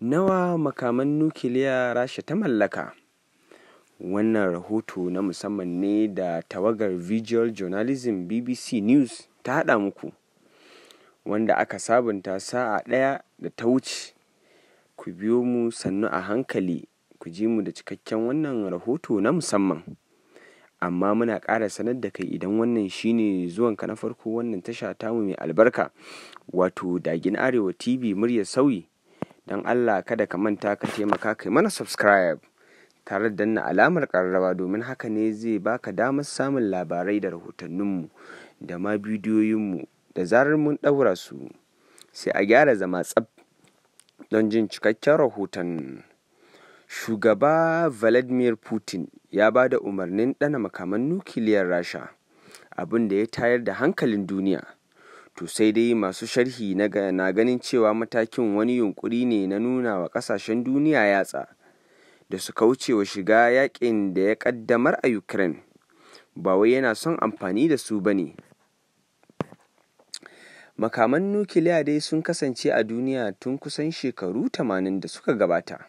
nawa makaman nukiliya rasha ta mallaka wannan rahoto na musamman ne da tawagar visual journalism bbc news ta haɗa muku wanda aka sabunta sa'a ɗaya da ta wuce ku biyo mu sannu a hankali ku ji mu da cikakken wannan rahoto na musamman amma muna ƙara sanar da kai idan wannan shine zuwanka na farko wannan tasha tamu mai albarka wato dagin arewa tv muryar sauyi don allah kada ka manta ka taimaka kai mana subscribe tare da danna alamar karrawa domin haka ne zai baka damar samun labarai da rahotanninmu da ma bidiyoyinmu da zarar mun daura su sai a gyara zama tsab don jin cikakken rahoton shugaba vladimir putin ya ba da umarnin ɗana makaman nukiliyar rasha abin da ya tayar da hankalin duniya to sai dai masu sharhi na ganin cewa matakin wani yunkuri ne na nuna wa kasashen duniya yatsa da su kauce wa shiga yakin da ya kaddamar a ukraine ba wai yana son amfani da su ba ne makaman nukiliya dai sun kasance a duniya tun kusan shekaru 80 da suka gabata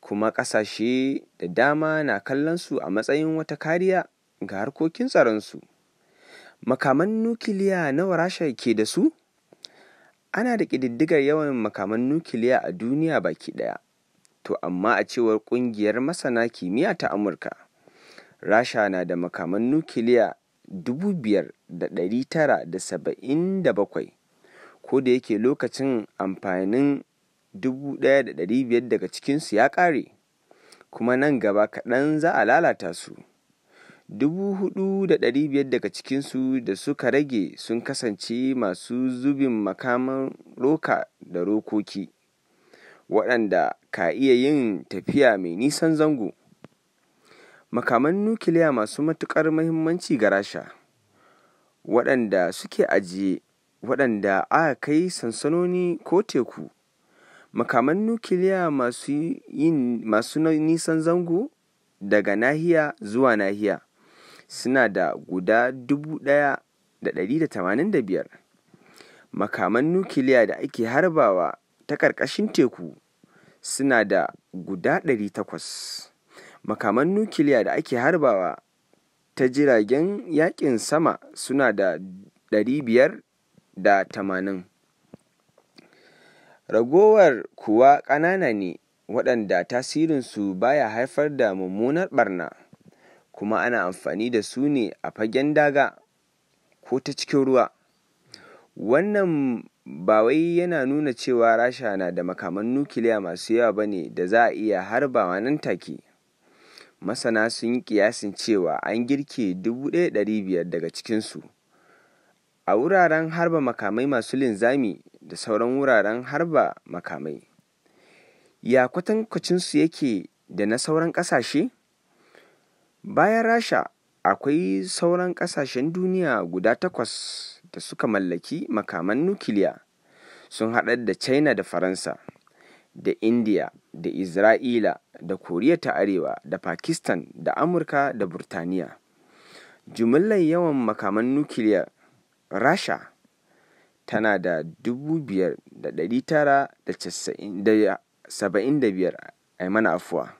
kuma kasashe da dama na kallon su a matsayin wata kariya ga harkokin tsaronsu. su Makaman nukiliya nawa Rasha ke da su? Ana da ƙididdigar yawan makaman nukiliya a duniya baki ɗaya, to amma a cewar ƙungiyar masana kimiyya ta Amurka, Rasha na da makaman nukiliya 5,977, ko da yake lokacin amfanin 1,500 daga cikinsu ya ƙare, kuma nan gaba kaɗan za a lalata su. dubu 4,500 daga cikinsu da suka rage sun kasance masu zubin makaman roka da rokoki waɗanda ka iya yin tafiya mai nisan zango makaman nukiliya masu matuƙar mahimmanci ga rasha waɗanda suke ajiye waɗanda aka kai sansanoni ko teku makaman nukiliya masu, masu nisan zango daga nahiya zuwa nahiya suna da guda 1,185 makaman nukiliya da ake harbawa ta ƙarƙashin teku suna da guda 800 makaman nukiliya da ake harbawa ta jiragen yakin sama suna da 580 ragowar kuwa ƙanana ne waɗanda tasirinsu baya haifar da mummunar ɓarna kuma ana amfani da su ne a fagen daga ko ta cikin ruwa wannan ba wai yana nuna cewa rasha na da makaman nukiliya masu yawa ba ne da za a iya harbawa nan take masana sun yi kiyasin cewa an girke 1,500 daga cikinsu a wuraren harba makamai masu linzami da sauran wuraren harba makamai ya kwatankwacinsu yake da na sauran ƙasashe? Bayan Rasha, akwai sauran ƙasashen duniya guda takwas da suka mallaki makaman nukiliya, sun haɗar da China da Faransa, da India da Isra'ila, da Koriya ta Arewa, da Pakistan, da Amurka da Burtaniya. Jimillar yawan makaman nukiliya Rasha tana da 5,975.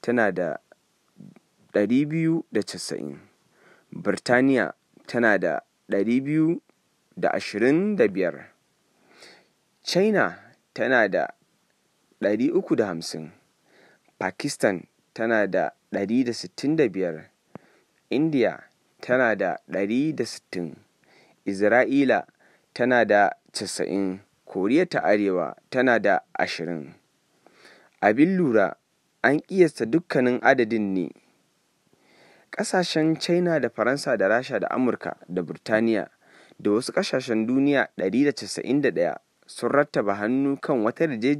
tana da 290 birtaniya tana da 225 china tana da 350 pakistan tana da 165 india tana da 160 isra'ila tana da 90 koriya ta arewa tana da 20 abin lura an ƙiyasta dukkanin adadin ne ƙasashen china da faransa da rasha da amurka da burtaniya da wasu ƙasashen duniya 191 sun rattaba hannu kan wata yarjejeniya